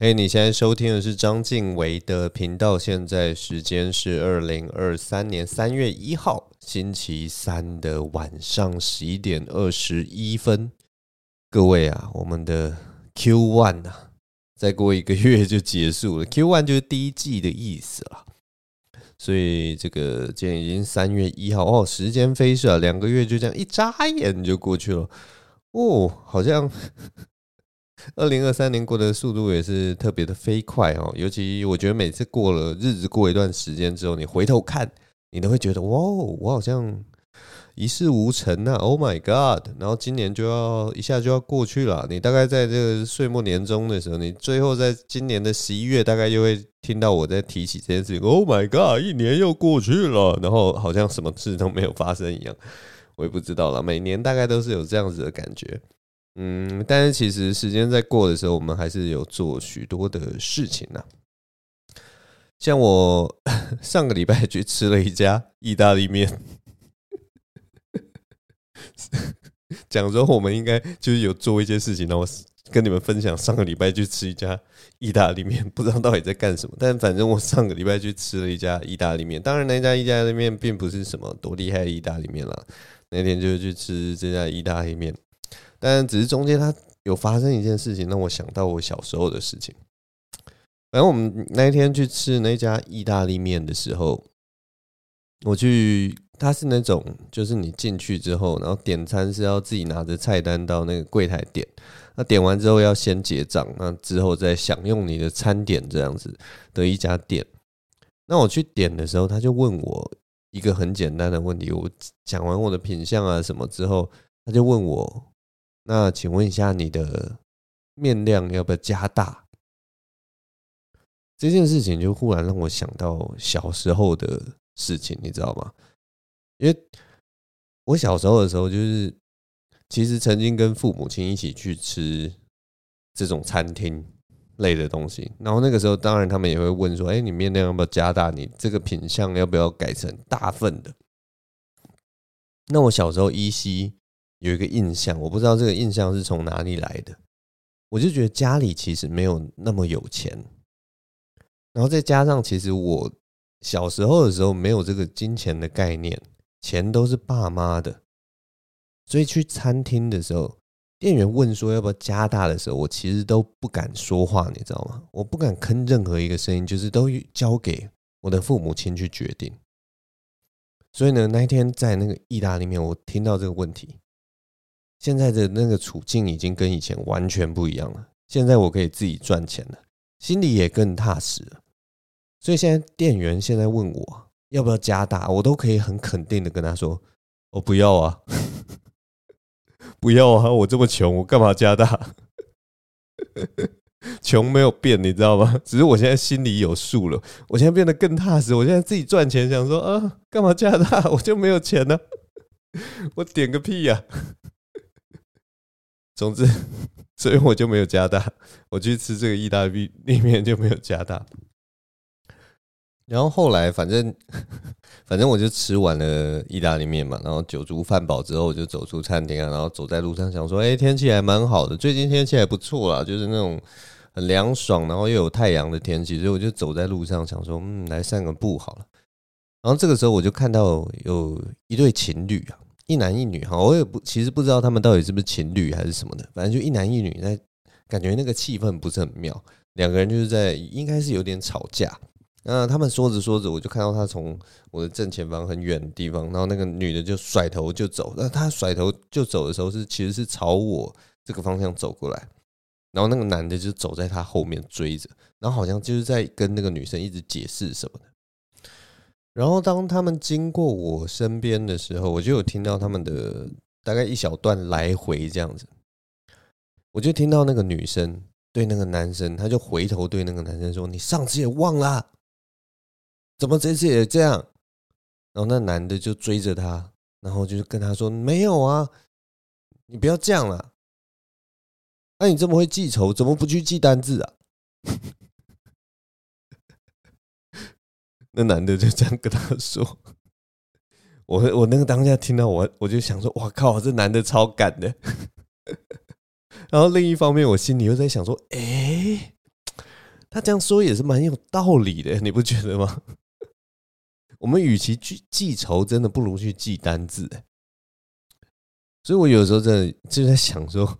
哎，hey, 你現在收聽的是章晉唯的頻道。現在時間是二零二三年三月一號星期三的晚上十一點二十一分。各位啊，我們的 Q One 啊，再過一個月就結束了。Q One 就是第一季的意思了。所以這個今天已經三月一號哦，時間飛逝啊，兩個月就這樣一眨眼就過去了哦，好像。二零二三年過的速度也是特別的飛快哦，尤其我覺得每次過了日子過一段時間之後，你回頭看，你都會覺得哇、哦，我好像一事無成啊，Oh my God！然後今年就要一下就要過去了，你大概在這個歲末年終的時候，你最後在今年的十一月，大概又會聽到我在提起這件事情，Oh my God！一年又過去了，然後好像什麼事都沒有發生一樣，我也不知道了。每年大概都是有這樣子的感覺。嗯，但是其實時間在過的時候，我們還是有做許多的事情啊。像我上個禮拜去吃了一家意大利麵，講說我們應該就是有做一些事情，那我跟你們分享上個禮拜去吃一家意大利麵，不知道到底在幹什麼。但反正我上個禮拜去吃了一家意大利麵，當然那家意大利麵並不是什麼多厲害的意大利麵啦。那天就去吃這家意大利麵。但只是中間它有發生一件事情，讓我想到我小時候的事情。反正我們那一天去吃那家意大利麵的時候，我去，他是那種就是你進去之後，然後點餐是要自己拿着菜單到那個櫃檯點，那點完之後要先結賬，那之後再享用你的餐點這樣子的一家店。那我去點的時候，他就問我一個很簡單的問題，我講完我的品項啊什麼之後，他就問我。那請問一下，你的麵量要不要加大？這件事情就忽然讓我想到小時候的事情，你知道嗎？因為我小時候的時候，就是其實曾經跟父母親一起去吃這種餐廳類的東西，然後那個時候，當然他們也會問說：“哎，你麵量要不要加大？你這個品項要不要改成大份的？”那我小時候依稀。有一個印象，我不知道這個印象是從哪裡來的，我就覺得家裡其實沒有那麼有錢，然後再加上其實我小時候的時候沒有這個金錢的概念，錢都是爸媽的，所以去餐廳的時候，店員問說要不要加大的時候，我其實都不敢說話，你知道嗎？我不敢吭任何一個聲音，就是都交給我的父母親去決定。所以呢，那一天在那個意大利麵，我聽到這個問題。現在的那個處境已經跟以前完全不一樣了。現在我可以自己賺錢了，心裡也更踏實了。所以現在店員現在問我要不要加大，我都可以很肯定的跟他說：“我不要啊，不要啊！我這麼窮，我幹嘛加大？窮沒有變，你知道嗎？只是我現在心裡有數了。我現在變得更踏實，我現在自己賺錢，想說啊，幹嘛加大？我就沒有錢呢，我點個屁呀！”總之，所以我就沒有加大。我去吃這個意大利麵就沒有加大。然後後來，反正反正我就吃完了意大利麵嘛，然後酒足飯飽之後，我就走出餐廳啊，然後走在路上，想說：“哎，天氣還蠻好的，最近天氣還不錯啦，就是那種很涼爽，然後又有太陽的天氣。”所以我就走在路上，想說：“嗯，來散個步好了。”然後這個時候，我就看到有一對情侶啊。一男一女哈，我也不其實不知道他們到底是不是情侶還是什麼的，反正就一男一女在，感覺那個氣氛不是很妙。兩個人就是在，應該是有點吵架。那他們說着說着，我就看到他從我的正前方很遠的地方，然後那個女的就甩頭就走。那他甩頭就走的時候是其實是朝我這個方向走過來，然後那個男的就走在他後面追着，然後好像就是在跟那個女生一直解釋什麼的。然後當他們經過我身邊的時候，我就有聽到他們的大概一小段來回這樣子，我就聽到那個女生對那個男生，他就回頭對那個男生說：“你上次也忘了啊，怎麼這次也這樣？”然後那男的就追着他，然後就跟他說：“沒有啊，你不要這樣了。那你這麼會記仇，怎麼不去記單字啊？”那男的就這樣跟他說：“我我那個當下聽到我，我就想說，哇靠，這男的超敢的。然後另一方面，我心裡又在想說，誒，他這樣說也是蠻有道理的，你不覺得嗎？我們與其去記仇，真的不如去記單字。所以，我有時候真的就在想說。”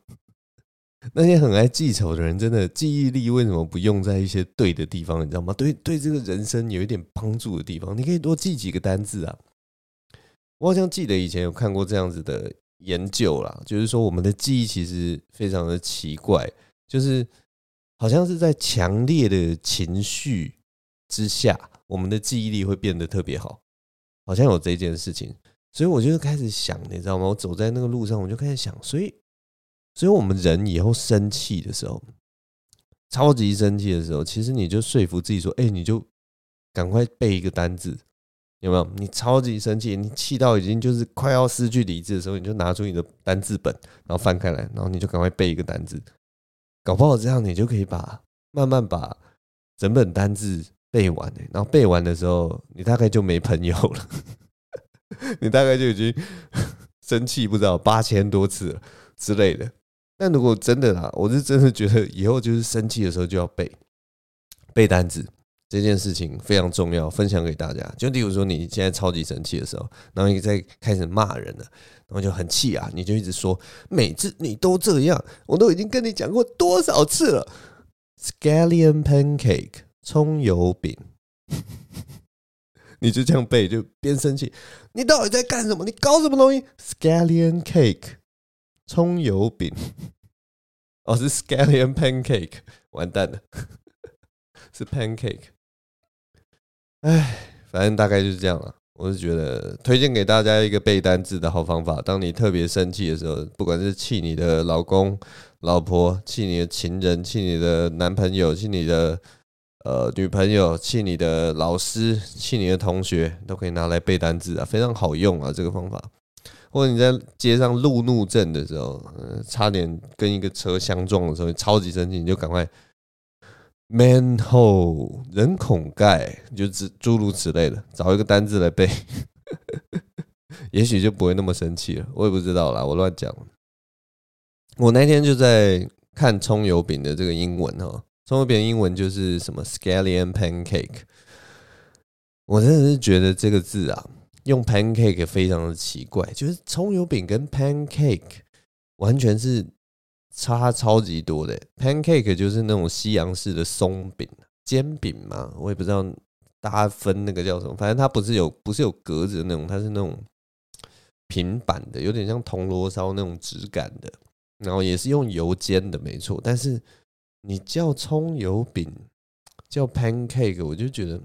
那些很愛記仇的人，真的記憶力為什麼不用在一些對的地方？你知道嗎？對對，這個人生有一點幫助的地方，你可以多記幾個單字啊。我好像記得以前有看過這樣子的研究啦，就是說我們的記憶其實非常的奇怪，就是好像是在強烈的情緒之下，我們的記憶力會變得特別好，好像有這件事情。所以我就開始想，你知道嗎？我走在那個路上，我就開始想，所以。所以我們人以後生氣的時候，超級生氣的時候，其實你就說服自己說：“哎，你就趕快背一個單字，有沒有？你超級生氣，你氣到已經就是快要失去理智的時候，你就拿出你的單字本，然後翻開來，然後你就趕快背一個單字。搞不好這樣，你就可以把慢慢把整本單字背完，欸。然後背完的時候，你大概就沒朋友了， 你大概就已經生氣不知道八千多次了之類的。”但如果真的啦，我是真的覺得以後就是生氣的時候就要背背單詞這件事情非常重要，分享給大家。就例如說你現在超級生氣的時候，然後你在開始罵人了，然後就很氣啊，你就一直說，每次你都這樣，我都已經跟你講過多少次了。Scallion pancake，蔥油餅， 你就這樣背，就邊生氣。你到底在幹什麼？你搞什麼東西？Scallion cake。蔥油餅，哦，是 scallion pancake，完蛋了，是 pancake，哎，反正大概就是這樣了。我是覺得推薦給大家一個背單字的好方法，當你特別生氣的時候，不管是氣你的老公、老婆，氣你的情人，氣你的男朋友，氣你的呃女朋友，氣你的老師，氣你的同學，都可以拿來背單字啊，非常好用啊，這個方法。或者你在街上路怒症的時候，呃，差點跟一個車相撞的時候，超級生氣，你就趕快 manhole 人孔蓋，就諸諸如此類的，找一個單字來背， 也許就不會那麼生氣了。我也不知道啦，我亂講。我那天就在看蔥油餅的這個英文哈，蔥油餅英文就是什麼 scallion pancake，我真的是覺得這個字啊。用 pancake 非常的奇怪，就是蔥油餅跟 pancake 完全是差超級多的。pancake 就是那種西洋式的鬆餅、煎餅嘛，我也不知道大家分那個叫什麼，反正它不是有不是有格子的那種，它是那種平板的，有點像銅鑼燒那種質感的，然後也是用油煎的，沒錯。但是你叫蔥油餅，叫 pancake，我就覺得。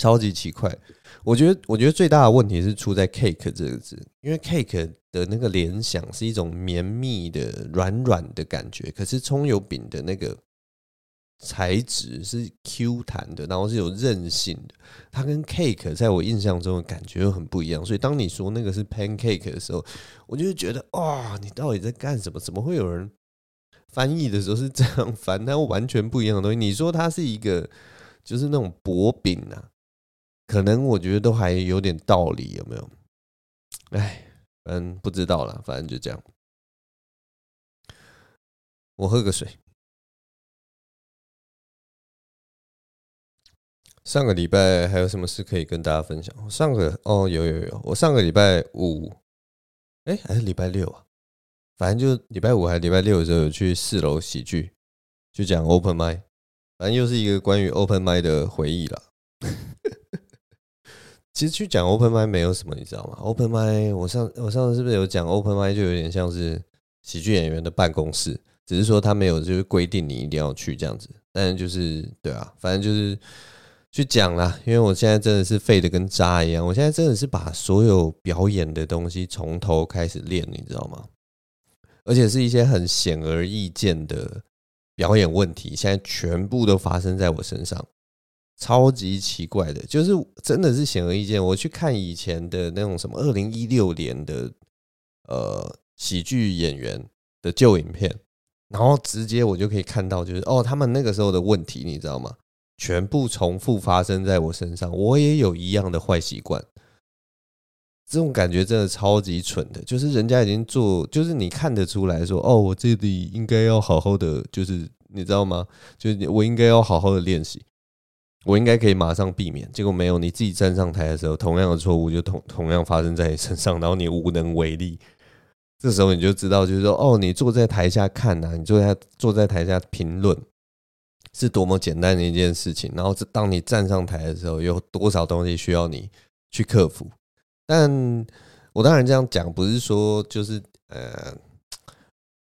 超級奇怪，我覺得，我覺得最大的問題是出在 “cake” 這個字，因為 “cake” 的那個聯想是一種綿密的、軟軟的感覺，可是蔥油餅的那個材質是 Q 彈的，然後是有韌性的，它跟 “cake” 在我印象中的感覺又很不一樣。所以，當你說那個是 “pancake” 的時候，我就覺得哇，你到底在幹什麼？怎麼會有人翻譯的時候是這樣翻？它完全不一樣的東西。你說它是一個，就是那種薄餅啊。可能我覺得都還有點道理，有沒有？哎，嗯，不知道啦，反正就這樣。我喝個水。上個禮拜還有什麼事可以跟大家分享？上個哦，有有有，我上個禮拜五，哎，還是禮拜六啊？反正就禮拜五還是禮拜六的時候，去四樓喜劇，就講 open mic，反正又是一個關於 open mic 的回憶啦。其實去講 open mic 沒有什麼，你知道嗎？open mic 我上我上次是不是有講 open mic 就有點像是喜劇演員的辦公室，只是說他沒有就是規定你一定要去這樣子，但是就是對啊，反正就是去講啦。因為我現在真的是廢的跟渣一樣，我現在真的是把所有表演的東西從頭開始練，你知道嗎？而且是一些很顯而易見的表演問題，現在全部都發生在我身上。超級奇怪的，就是真的是顯而易見。我去看以前的那種什麼二零一六年的呃喜劇演員的舊影片，然後直接我就可以看到，就是哦，他們那個時候的問題，你知道嗎？全部重複發生在我身上。我也有一樣的壞習慣，這種感覺真的超級蠢的。就是人家已經做，就是你看得出來，說哦，我這裡應該要好好的，就是你知道嗎？就是我應該要好好的練習。我應該可以馬上避免，結果沒有。你自己站上台的時候，同樣的錯誤就同同樣發生在你身上，然後你無能為力。這時候你就知道，就是說，哦，你坐在台下看吶、啊，你坐在坐在台下評論，是多麼簡單的一件事情。然後，當你站上台的時候，有多少東西需要你去克服？但我當然這樣講，不是說就是呃。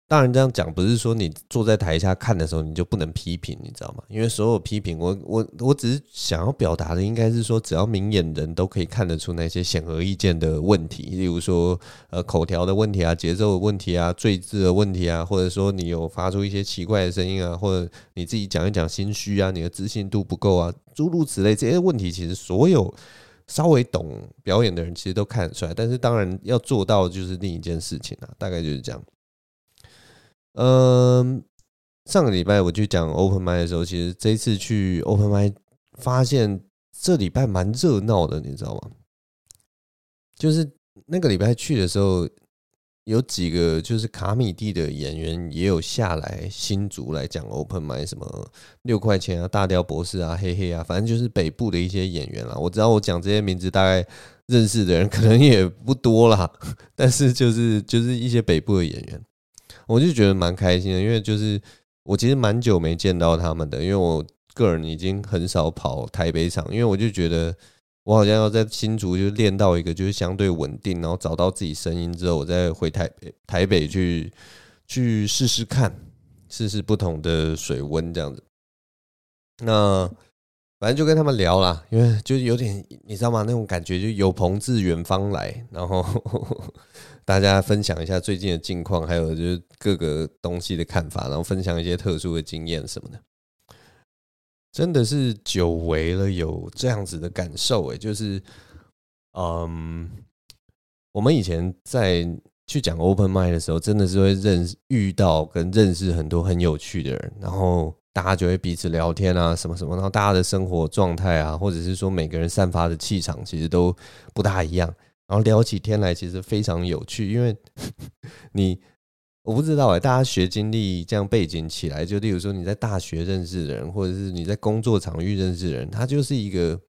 當然，這樣講不是說你坐在台下看的時候，你就不能批評，你知道嗎？因為所有批評，我我我只是想要表達的應該是說，只要明眼人都可以看得出那些顯而易見的問題，例如說呃口條的問題啊、節奏的問題啊、贅字的問題啊，或者說你有發出一些奇怪的聲音啊，或者你自己講一講心虛啊、你的自信度不夠啊，諸如此類這些問題，其實所有稍微懂表演的人其實都看得出來。但是當然要做到就是另一件事情了、啊，大概就是這樣。嗯，上個禮拜我去講 Open 麥的時候，其實這一次去 Open 麥發現這禮拜蠻熱鬧的，你知道嗎？就是那個禮拜去的時候，有幾個就是卡米蒂的演員也有下來新竹來講 Open 麥，什麼六塊錢啊、大雕博士啊、嘿嘿啊，反正就是北部的一些演員啦。我知道我講這些名字，大概認識的人可能也不多啦，但是就是就是一些北部的演員。我就覺得蠻開心的，因為就是我其實蠻久沒見到他們的，因為我個人已經很少跑台北場，因為我就覺得我好像要在新竹就練到一個就是相對穩定，然後找到自己聲音之後，我再回台北台北去去試試看，試試不同的水溫這樣子。那反正就跟他們聊啦，因為就是有點你知道嗎？那種感覺就有朋自遠方來，然後。 大家分享一下最近的近況，還有就是各個東西的看法，然後分享一些特殊的經驗什麼的。真的是久違了，有這樣子的感受哎，就是嗯，我們以前在去講 open mic 的時候，真的是會認識遇到跟認識很多很有趣的人，然後大家就會彼此聊天啊，什麼什麼，然後大家的生活狀態啊，或者是說每個人散發的氣場，其實都不大一樣。然後聊起天來，其實非常有趣，因為你，我不知道哎、啊，大家學經歷這樣背景起來，就例如說你在大學認識的人，或者是你在工作場域認識的人，他就是一個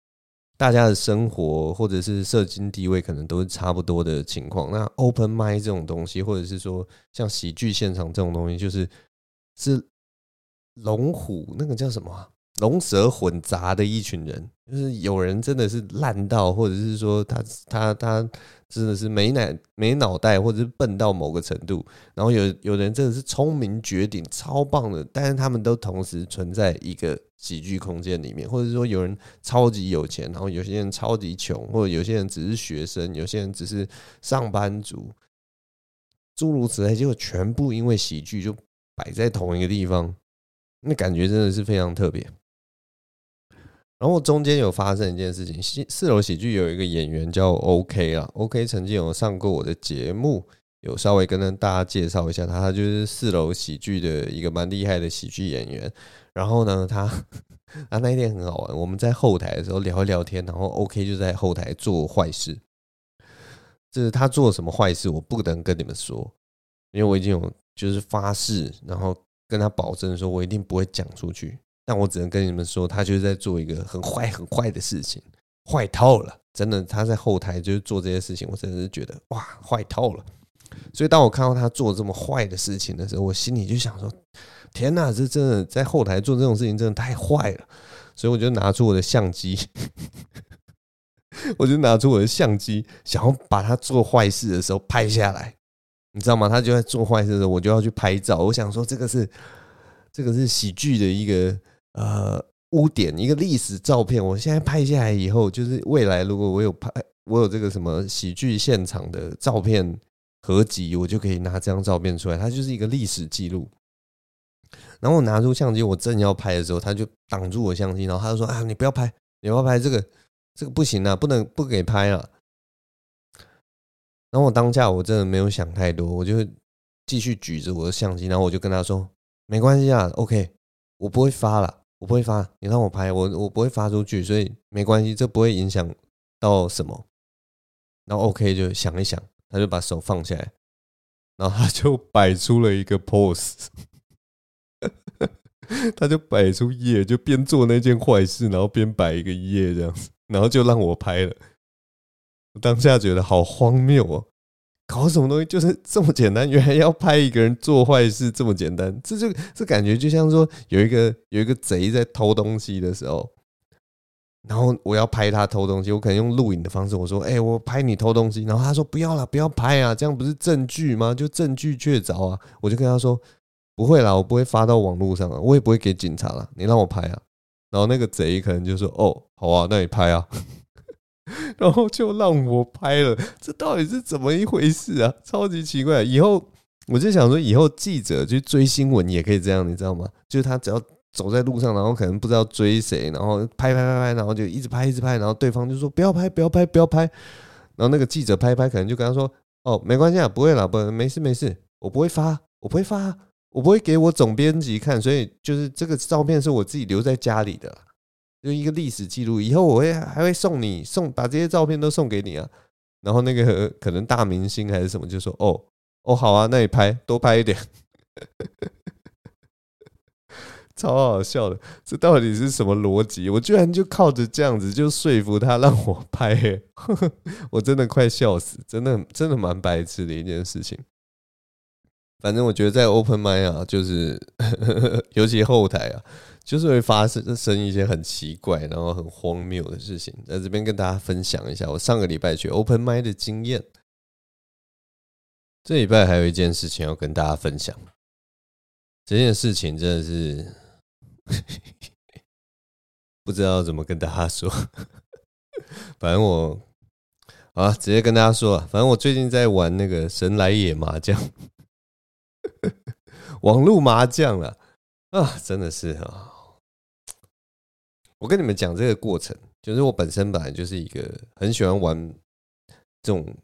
大家的生活或者是社經地位可能都是差不多的情況。那 open mic 這種東西，或者是說像喜劇現場這種東西，就是是龍虎那個叫什麼、啊？龍蛇混雜的一群人，就是有人真的是爛到，或者是說他他他真的是沒奶沒腦袋，或者是笨到某個程度。然後有有人真的是聰明絕頂、超棒的，但是他們都同時存在一個喜劇空間裡面，或者是說有人超級有錢，然後有些人超級窮，或者有些人只是學生，有些人只是上班族，諸如此類，結果全部因為喜劇就擺在同一個地方，那感覺真的是非常特別。然後中間有發生一件事情，四四樓喜劇有一個演員叫 OK 啦，OK 曾經有上過我的節目，有稍微跟大家介紹一下他，他就是四樓喜劇的一個蠻厲害的喜劇演員。然後呢，他他那一天很好玩，我們在後台的時候聊一聊天，然後 OK 就在後台做壞事。就是他做了什麼壞事，我不能跟你們說，因為我已經有就是發誓，然後跟他保證說，我一定不會講出去。但我只能跟你們說，他就是在做一個很壞、很壞的事情，壞透了。真的，他在後台就是做這些事情，我真的是覺得哇，壞透了。所以，當我看到他做這麼壞的事情的時候，我心裡就想說：天哪，這真的在後台做這種事情，真的太壞了。所以，我就拿出我的相機， 我就拿出我的相機，想要把他做壞事的時候拍下來。你知道嗎？他就在做壞事的時候，我就要去拍照。我想說，這個是這個是喜劇的一個。呃，污點一個歷史照片，我現在拍下來以後，就是未來如果我有拍，我有這個什麼喜劇現場的照片合集，我就可以拿這張照片出來，它就是一個歷史記錄。然後我拿出相機，我正要拍的時候，他就擋住我相機，然後他就說：“啊，你不要拍，你要拍這個，這個不行啊，不能不給拍了啊。”然後我當下我真的沒有想太多，我就繼續舉着我的相機，然後我就跟他說：“沒關係啊，OK。”我不會發了，我不會發，你讓我拍，我我不會發出去，所以沒關係，這不會影響到什麼。然後 OK 就想一想，他就把手放下來，然後他就擺出了一個 pose，他就擺出耶，就邊做那件壞事，然後邊擺一個耶，這樣子，然後就讓我拍了。我當下覺得好荒謬哦。搞什麼東西就是這麼簡單，原來要拍一個人做壞事這麼簡單，這就這感覺就像說有一個有一個賊在偷東西的時候，然後我要拍他偷東西，我可能用錄影的方式，我說：“哎，我拍你偷東西。”然後他說：“不要啦，不要拍啊，這樣不是證據嗎？就證據確鑿啊。”我就跟他說：“不會啦，我不會發到網絡上啊，我也不會給警察啦，你讓我拍啊。”然後那個賊可能就說：“哦，好啊，那你拍啊。”然後就讓我拍了，這到底是怎麼一回事啊？超級奇怪！以後我就想說，以後記者就追新聞也可以這樣，你知道嗎？就是他只要走在路上，然後可能不知道追誰，然後拍拍拍拍，然後就一直拍一直拍，然後對方就說不要拍，不要拍，不要拍。然後那個記者拍拍，可能就跟他說：“哦，沒關係啊，不會啦，不，沒事沒事，我不會發，我不會發啊，我不會給我總編輯看，所以就是這個照片是我自己留在家裡的。”就一個歷史記錄，以後我會還會送你送把這些照片都送給你啊。然後那個可能大明星還是什麼，就說哦哦好啊，那你拍多拍一點， 超好笑的。這到底是什麼邏輯？我居然就靠着這樣子就說服他讓我拍，欸， 我真的快笑死，真的真的蠻白痴的一件事情。反正我覺得在 Open Mind 啊，就是 尤其後台啊。就是會發生，生一些很奇怪，然後很荒謬的事情，在這邊跟大家分享一下我上個禮拜去 open mic 的經驗。這禮拜還有一件事情要跟大家分享，這件事情真的是不知道怎麼跟大家說。反正我啊，直接跟大家說啊，反正我最近在玩那個神來也麻將，網絡麻將了啊，啊，真的是啊。我跟你們講這個過程，就是我本身本來就是一個很喜歡玩這種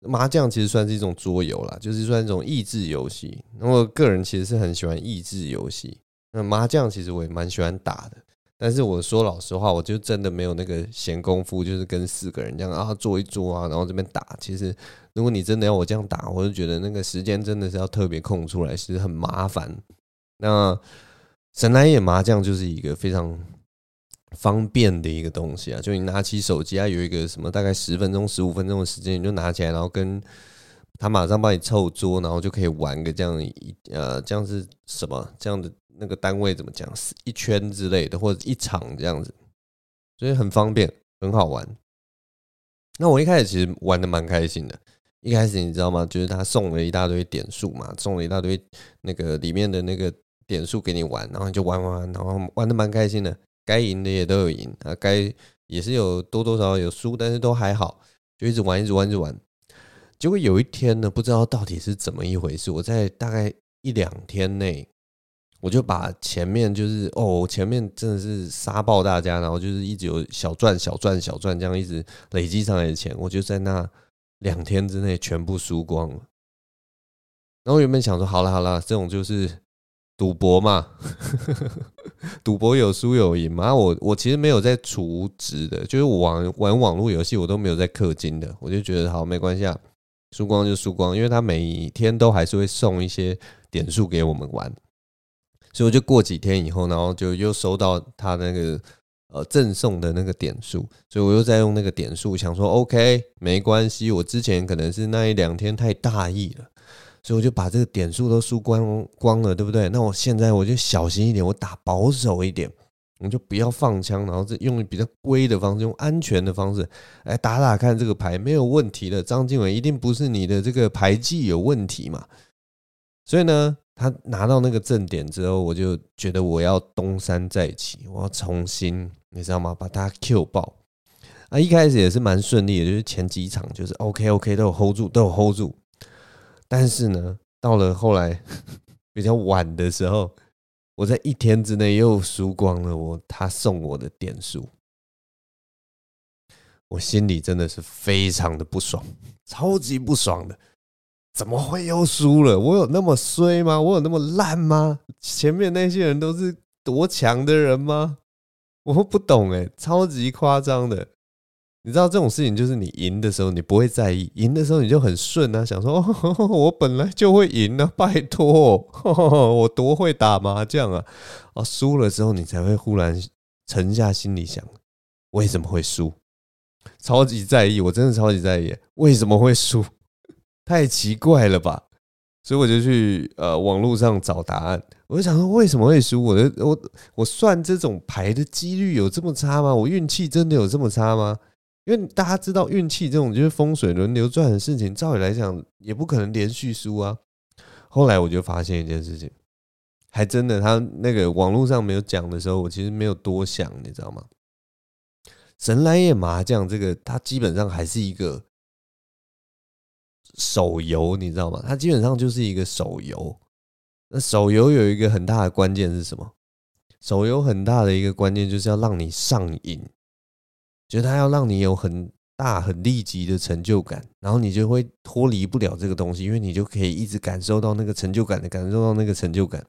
麻將，其實算是一種桌遊啦，就是算一種益智遊戲。那我個人其實是很喜歡益智遊戲，那麻將其實我也蠻喜歡打的。但是我說老實話，我就真的沒有那個閒工夫，就是跟四個人這樣啊坐一桌啊，然後這邊打。其實如果你真的要我這樣打，我就覺得那個時間真的是要特別空出來，其實很麻煩。那神來也麻將就是一個非常。方便的一個東西啊，就你拿起手機啊，有一個什麼大概十分鐘、十五分鐘的時間，你就拿起來，然後跟他馬上幫你湊桌，然後就可以玩個這樣一呃，這樣子什麼？這樣的那個單位怎麼講？一圈之類的，或者一場這樣子，所以很方便，很好玩。那我一開始其實玩得蠻開心的，一開始你知道嗎？就是他送了一大堆點數嘛，送了一大堆那個裡面的那個點數給你玩，然後你就玩玩玩，然後玩得蠻開心的。該贏的也都有贏啊，該也是有多多少少有輸，但是都還好，就一直玩，一直玩，一直玩。結果有一天呢，不知道到底是怎麼一回事，我在大概一兩天內，我就把前面就是哦，前面真的是殺爆大家，然後就是一直有小賺小賺小賺，小賺小賺這樣一直累積上來的錢，我就在那兩天之內全部輸光了。然後原本想說，好了好了，這種就是。賭賭博嘛， 賭博有輸有贏嘛，啊。我我其實沒有在儲值的，就是玩玩網絡遊戲，我都沒有在氪金的。我就覺得好沒關係啊，輸光就輸光，因為他每天都還是會送一些點數給我們玩，所以我就過幾天以後，然後就又收到他那個呃贈送的那個點數，所以我又在用那個點數，想說 OK 沒關係，我之前可能是那一兩天太大意了。所以我就把這個點數都輸光光了，對不對？那我現在我就小心一點，我打保守一點，我就不要放槍，然後用比較規的方式，用安全的方式來打打看這個牌沒有問題的。章晉唯一定不是你的這個牌技有問題嘛？所以呢，他拿到那個正點之後，我就覺得我要東山再起，我要重新，你知道嗎？把他 Q 爆啊！一開始也是蠻順利的，就是前幾場就是 OK OK 都有 hold 住，都有 hold 住。但是呢，到了後來，呵呵，比較晚的時候，我在一天之內又輸光了我，他送我的點數，我心裡真的是非常的不爽，超級不爽的。怎麼會又輸了？我有那麼衰嗎？我有那麼爛嗎？前面那些人都是多強的人嗎？我不懂哎，超級誇張的。你知道這種事情，就是你贏的時候你不會在意，贏的時候你就很順啊，想說哦呵呵，我本來就會贏啊，拜託、哦，我多會打麻將啊！啊，輸了之後你才會忽然沉下心裡想，為什麼會輸？超級在意，我真的超級在意，為什麼會輸？太奇怪了吧！所以我就去呃網路上找答案，我就想說為什麼會輸？我的我我算這種牌的機率有這麼差嗎？我運氣真的有這麼差嗎？因為大家知道運氣這種就是風水輪流轉的事情，照理來講也不可能連續輸啊。後來我就發現一件事情，還真的，他那個網絡上沒有講的時候，我其實沒有多想，你知道嗎？神來也麻將這個，它基本上還是一個手遊，你知道嗎？它基本上就是一個手遊。那手遊有一個很大的關鍵是什麼？手遊很大的一個關鍵就是要讓你上癮。覺得他要讓你有很大很立即的成就感，然後你就會脫離不了這個東西，因為你就可以一直感受到那個成就感的感受到那個成就感。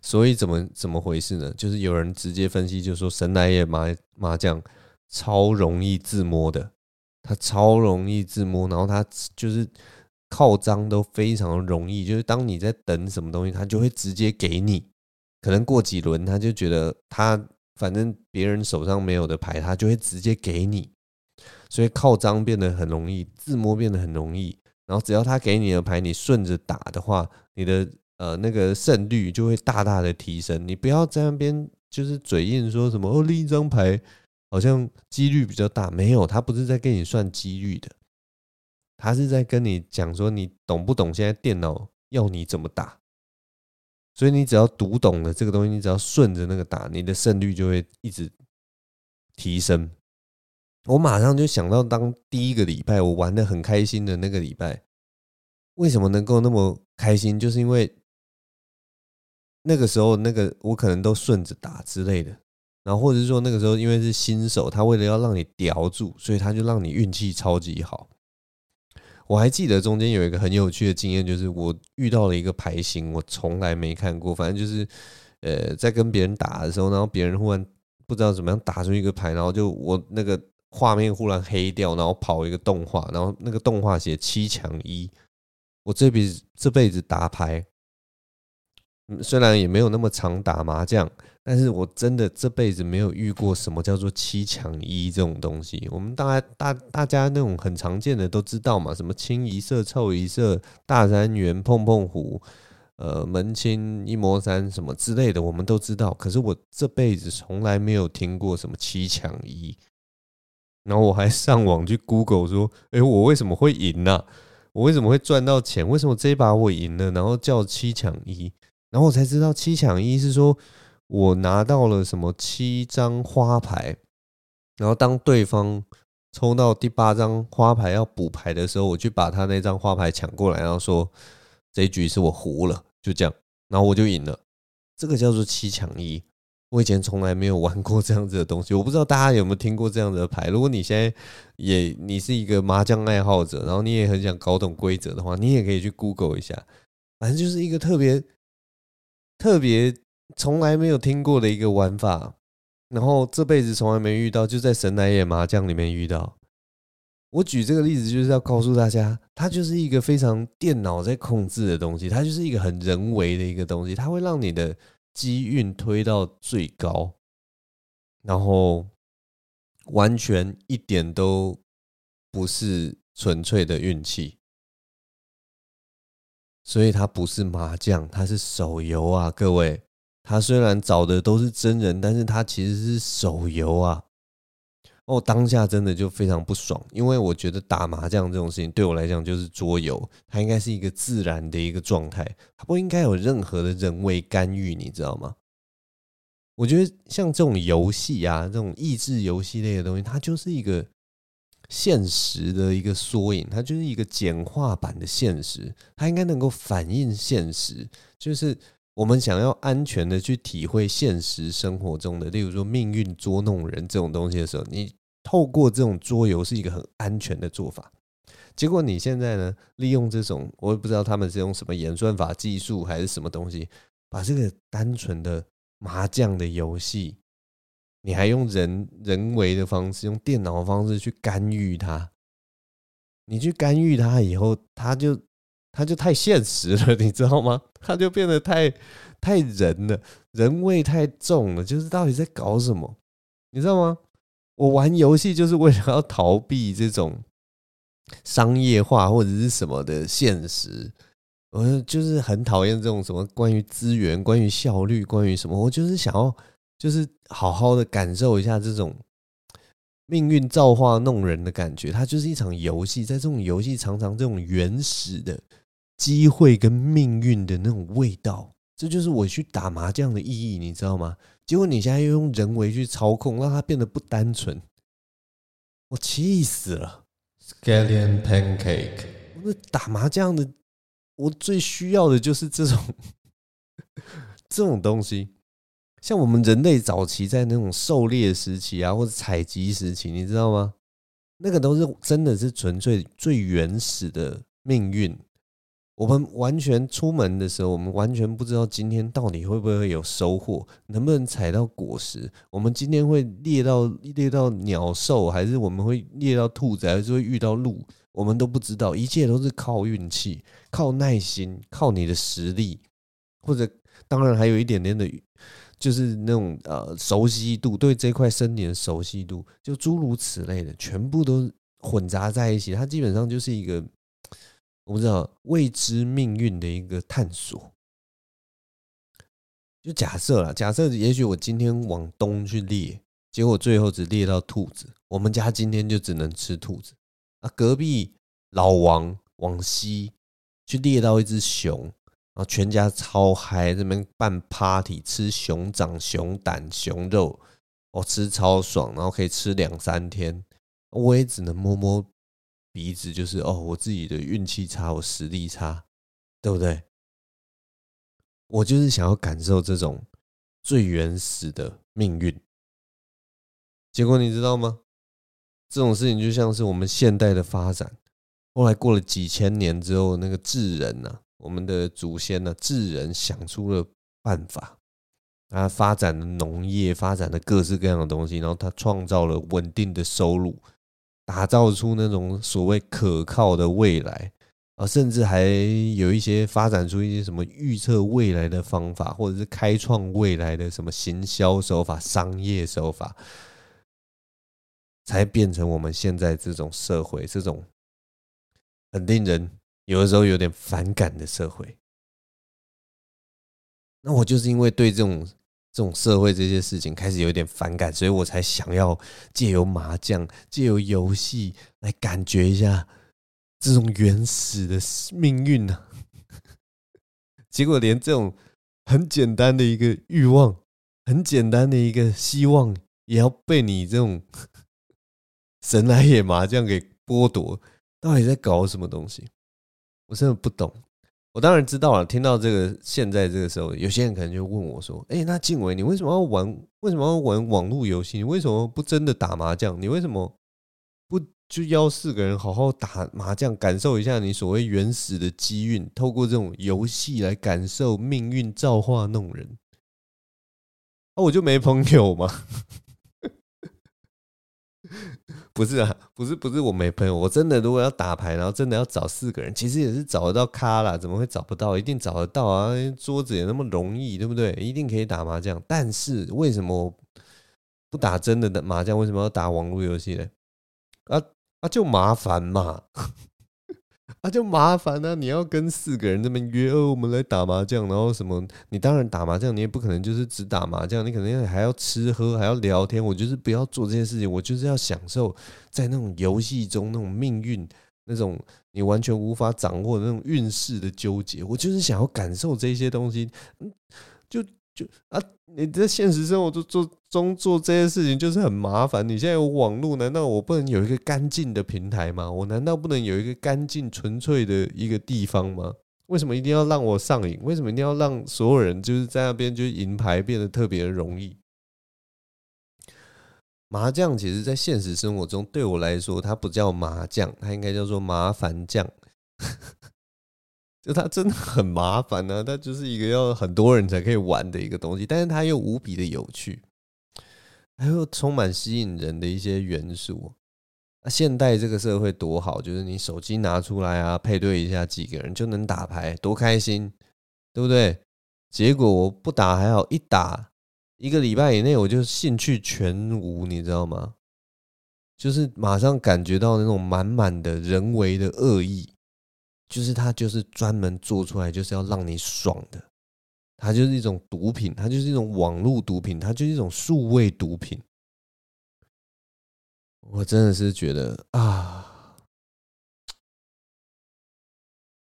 所以怎麼怎麼回事呢？就是有人直接分析，就說神來也麻麻將超容易自摸的，他超容易自摸，然後他就是靠張都非常容易，就是當你在等什麼東西，他就會直接給你，可能過幾輪他就覺得他。反正別人手上沒有的牌，他就會直接給你，所以靠張變得很容易，自摸變得很容易。然後只要他給你的牌，你順着打的話，你的呃那個勝率就會大大的提升。你不要在那邊就是嘴硬說什麼哦，另一張牌好像幾率比較大，沒有，他不是在跟你算幾率的，他是在跟你講說，你懂不懂現在電腦要你怎麼打。所以你只要讀懂了這個東西，你只要順着那個打，你的勝率就會一直提升。我馬上就想到，當第一個禮拜我玩的很開心的那個禮拜，為什麼能夠那麼開心？就是因為那個時候那個我可能都順着打之類的，然後或者是說那個時候因為是新手，他為了要讓你叼住，所以他就讓你運氣超級好。我還記得中間有一個很有趣的經驗，就是我遇到了一個牌型，我從來沒看過。反正就是，呃，在跟別人打的時候，然後別人忽然不知道怎麼樣打出一個牌，然後就我那個畫面忽然黑掉，然後跑一個動畫，然後那個動畫寫七搶一，我這輩子這輩子打牌。雖然也沒有那麼常打麻將，但是我真的這輩子沒有遇過什麼叫做七搶一這種東西。我們大家大大家那種很常見的都知道嘛，什麼清一色、臭一色、大三元、碰碰胡，呃，門清、一摸三什麼之類的，我們都知道。可是我這輩子從來沒有聽過什麼七搶一。然後我還上網去 Google 說：“哎，我為什麼會贏呢？我為什麼會賺到錢？為什麼這把我贏了？然後叫七搶一？”然後我才知道七搶一是說，我拿到了什麼七張花牌，然後當對方抽到第八張花牌要補牌的時候，我去把他那張花牌搶過來，然後說這一局是我胡了，就這樣，然後我就贏了。這個叫做七搶一，我以前從來沒有玩過這樣子的東西，我不知道大家有沒有聽過這樣子的牌。如果你現在也你是一個麻將愛好者，然後你也很想搞懂規則的話，你也可以去 Google 一下，反正就是一個特別。特別從來沒有聽過的一個玩法，然後這輩子從來沒遇到，就在神來也麻將裡面遇到。我舉這個例子就是要告訴大家，它就是一個非常電腦在控制的東西，它就是一個很人為的一個東西，它會讓你的機運推到最高，然後完全一點都不是純粹的運氣。所以他不是麻將，他是手遊啊，各位。他雖然找的都是真人，但是他其實是手遊啊。哦，當下真的就非常不爽，因為我覺得打麻將這種事情對我來講就是桌遊，它應該是一個自然的一個狀態，它不應該有任何的人為干預，你知道嗎？我覺得像這種遊戲啊，這種益智遊戲類的東西，它就是一個。現實的一個縮影，它就是一個簡化版的現實，它應該能夠反映現實，就是我們想要安全的去體會現實生活中的，例如說命運捉弄人這種東西的時候，你透過這種桌遊是一個很安全的做法。結果你現在呢，利用這種，我也不知道他們是用什麼演算法技術還是什麼東西，把這個單純的麻將的遊戲。你還用人人為的方式，用電腦的方式去干預它。你去干預它以後，它就它就太現實了，你知道嗎？它就變得太太人了，人味太重了。就是到底在搞什麼？你知道嗎？我玩遊戲就是為了要逃避這種商業化或者是什麼的現實。我就是很討厭這種什麼關於資源、關於效率、關於什麼。我就是想要。就是好好的感受一下這種命運造化弄人的感覺，它就是一場遊戲，在這種遊戲常常這種原始的機會跟命運的那種味道，這就是我去打麻將的意義，你知道嗎？結果你現在又用人為去操控，讓它變得不單純，我氣死了。Scallion Pancake，我打麻將的，我最需要的就是這種這種東西。像我們人類早期在那種狩獵時期啊，或者採集時期，你知道嗎？那個都是真的是純粹最原始的命運。我們完全出門的時候，我們完全不知道今天到底會不會有收穫，能不能採到果實。我們今天會獵到獵到鳥獸，還是我們會獵到兔子，還是會遇到鹿，我們都不知道。一切都是靠運氣，靠耐心，靠你的實力，或者當然還有一點點的。就是那種呃熟悉度，對這塊森林的熟悉度，就諸如此類的，全部都混雜在一起。它基本上就是一個我不知道未知命運的一個探索。就假設啦，假設也許我今天往東去獵，結果最後只獵到兔子，我們家今天就只能吃兔子。啊，隔壁老王往西去獵到一隻熊。然後全家超嗨，這邊辦 party，吃熊掌、熊膽、熊肉，我、哦、吃超爽，然後可以吃兩三天。我也只能摸摸鼻子，就是哦，我自己的運氣差，我實力差，對不對？我就是想要感受這種最原始的命運。結果你知道嗎？這種事情就像是我們現代的發展，後來過了幾千年之後，那個智人吶、啊。我們的祖先呢，自然想出了辦法，他發展的農業，發展的各式各樣的東西，然後他創造了穩定的收入，打造出那種所謂可靠的未來，甚至還有一些發展出一些什麼預測未來的方法，或者是開創未來的什麼行銷手法、商業手法，才變成我們現在這種社會，這種很令人。有的時候有點反感的社會，那我就是因為對這種這種社會這些事情開始有點反感，所以我才想要借由麻將，借由遊戲來感覺一下這種原始的命運呢。結果連這種很簡單的一個欲望，很簡單的一個希望，也要被你這種神來也麻將給剝奪，到底在搞什麼東西？我真的不懂，我當然知道了。聽到這個，現在這個時候，有些人可能就問我說：“哎，那晉唯，你為什麼要玩？為什麼要玩網絡遊戲？你為什麼不真的打麻將？你為什麼不就邀四個人好好打麻將，感受一下你所謂原始的機運？透過這種遊戲來感受命運造化弄人？那我就沒朋友嗎 ？” 不是啊，不是不是，我沒朋友。我真的如果要打牌，然後真的要找四個人，其實也是找得到咖啦，怎麼會找不到？一定找得到啊，桌子也那麼容易，對不對？一定可以打麻將。但是為什麼不打真的的麻將？為什麼要打網絡遊戲呢？啊啊，就麻煩嘛。 那、啊、就麻煩了、啊，你要跟四個人這麼約、哦、我們來打麻將，然後什麼？你當然打麻將，你也不可能就是只打麻將，你可能還要吃喝，還要聊天。我就是不要做這些事情，我就是要享受在那種遊戲中那種命運、那種你完全無法掌握的那種運勢的糾結。我就是想要感受這些東西，嗯、就。就啊，你在現實生活中做中做這些事情就是很麻煩。你現在有網絡，難道我不能有一個乾淨的平台嗎？我難道不能有一個乾淨純粹的一個地方嗎？為什麼一定要讓我上癮？為什麼一定要讓所有人就是在那邊就是銀牌變得特別容易？麻將其實，在現實生活中對我來說，它不叫麻將，它應該叫做麻煩將。就它真的很麻煩呢、啊，它就是一個要很多人才可以玩的一個東西，但是它又無比的有趣，還有充滿吸引人的一些元素。那、啊、現代這個社會多好，就是你手機拿出來啊，配對一下幾個人就能打牌，多開心，對不對？結果我不打還好，一打，一個禮拜以內我就興趣全無，你知道嗎？就是馬上感覺到那種滿滿的人為的惡意。就是它就是專門做出來，就是要讓你爽的。它就是一種毒品，它就是一種網絡毒品，它就是一種數位毒品。我真的是覺得啊，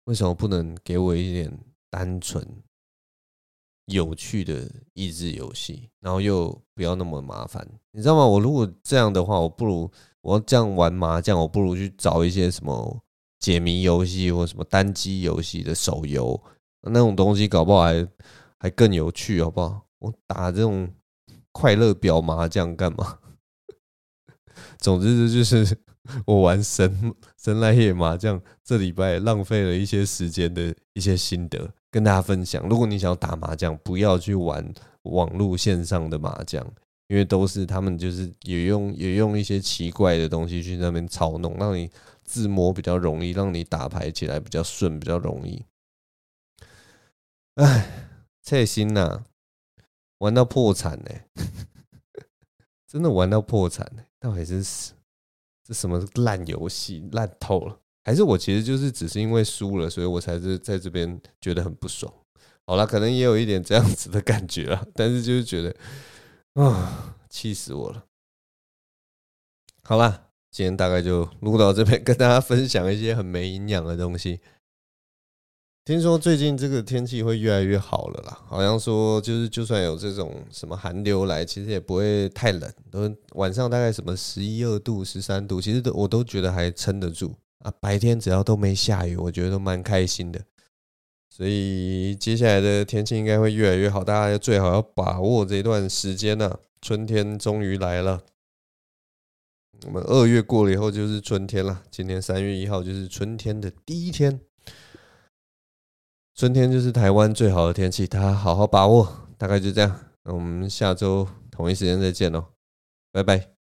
為什麼不能給我一點單純、有趣的益智遊戲，然後又不要那麼麻煩？你知道嗎？我如果這樣的話，我不如我要這樣玩麻將，我不如去找一些什麼。解謎遊戲或什麼單機遊戲的手遊那種東西，搞不好還還更有趣，好不好？我打這種快樂表麻將幹嘛？總之就是我玩神神來也麻將，這禮拜浪費了一些時間的一些心得跟大家分享。如果你想要打麻將，不要去玩網路線上的麻將，因為都是他們就是也用也用一些奇怪的東西去那邊操弄，讓你。自摸比較容易，讓你打牌起來比較順，比較容易唉。哎，這心吶、啊，玩到破產呢、欸，真的玩到破產呢、欸，到底這是這是什麼爛遊戲爛透了？還是我其實就是只是因為輸了，所以我才是在這邊覺得很不爽。好了，可能也有一點這樣子的感覺啦，但是就是覺得，啊，氣死我了！好了。今天大概就錄到這邊，跟大家分享一些很沒營養的東西。聽說最近這個天氣會越來越好了啦,好像說就是就算有這種什麼寒流來，其實也不會太冷。都晚上大概什麼十一二度、十三度，其實都我都覺得還撐得住啊。白天只要都沒下雨，我覺得都蠻開心的。所以接下來的天氣應該會越來越好，大家最好要把握這段時間呢。春天終於來了。我們二月過了以後就是春天了，今天三月一號就是春天的第一天，春天就是台灣最好的天氣，大家好好把握，大概就這樣，那我們下周同一時間再見嘍，拜拜。